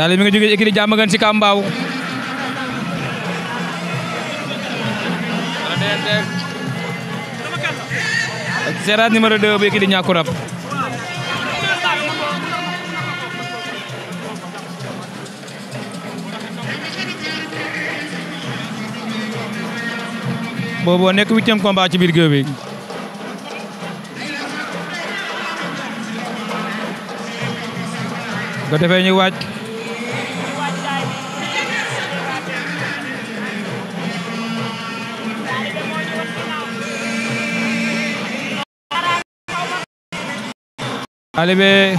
Talla mi nga jógee écurie Diamaguène Sicap Mbao Seras numéro 2 bu écurie Niakou Rab boobu nekk huitième combat ci biir géew bi ko defee Talibé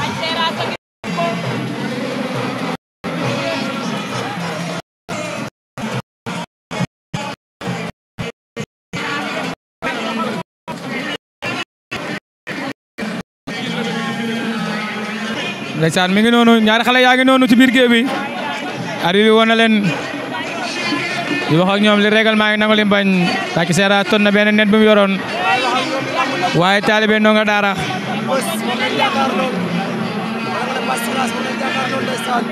ndeysaan mi ngi noonu ñaari xale ngi noonu ci biir géew bi ari bi woon na leen ñoom li règlement yi nangu leen bañ Takiseera ton na benn net bu mu yoroon waaye Talibé ndongo daara bés moom lañ jàkkaarloo ak Mass Seras moom lañ jàkkaarloo ndeysaan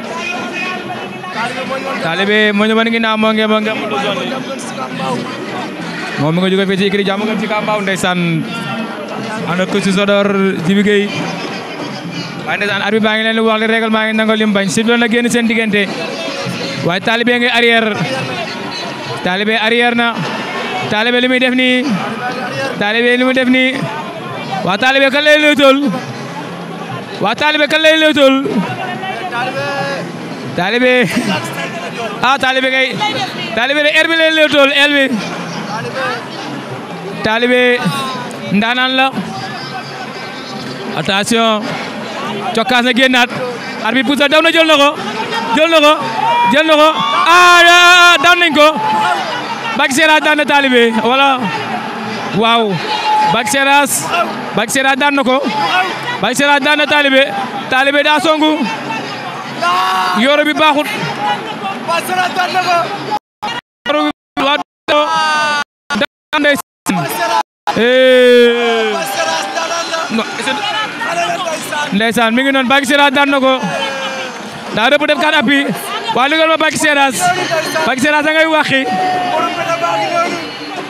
taalibe moo ñu mën ginnaaw moo ngi moo ngi amul zone moom mi nga jóge fii ci ikri jàmm nga ci Kambaaw ndeysaan ànd ak ci Sodor Jibi Gueye waaye ndeysaan arbitre baa ngi leen di wax li règlement ngi nango lim bañ sifflé na génn seen diggante waaye taalibe nga arrière taalibe arrière na taalibe li muy def nii taalibe li muy def nii waa taalibe kan lay lewtool waa taalibe kan lewtool taalibe ah taalibe kay taalibe de erbi lay lewtool elbi er taalibe ndaanaan la attention cokkaas na génnaat arbi pusa daw na jël na ko jël na ko jël na ko ah, ko bak seela daan na waaw Bac Seras Bac Seras daan na ko daan na Talibe Talibe daa songu bi baaxut Bac daan na ko yoro bi mi ngi noon Bac Seras daan na ko daa rëpp def ma Bac Seras Bac Seras ngay waxi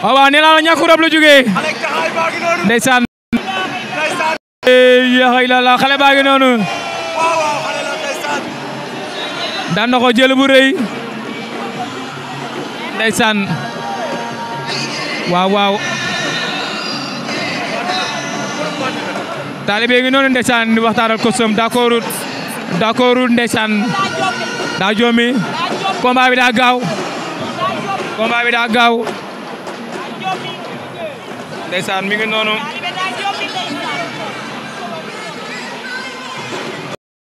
waaw waaw la ñàkk la jógee ndeysaan yaxay lala xale noonu daan na jël bu rëy ndeysaan waaw waaw noonu ndeysaan di waxtaanal ko soom d'accordul d'accordul ndeysaan daa joomi combat bi daa gaaw combat bi daa gaaw ndeysaan mi ngi noonu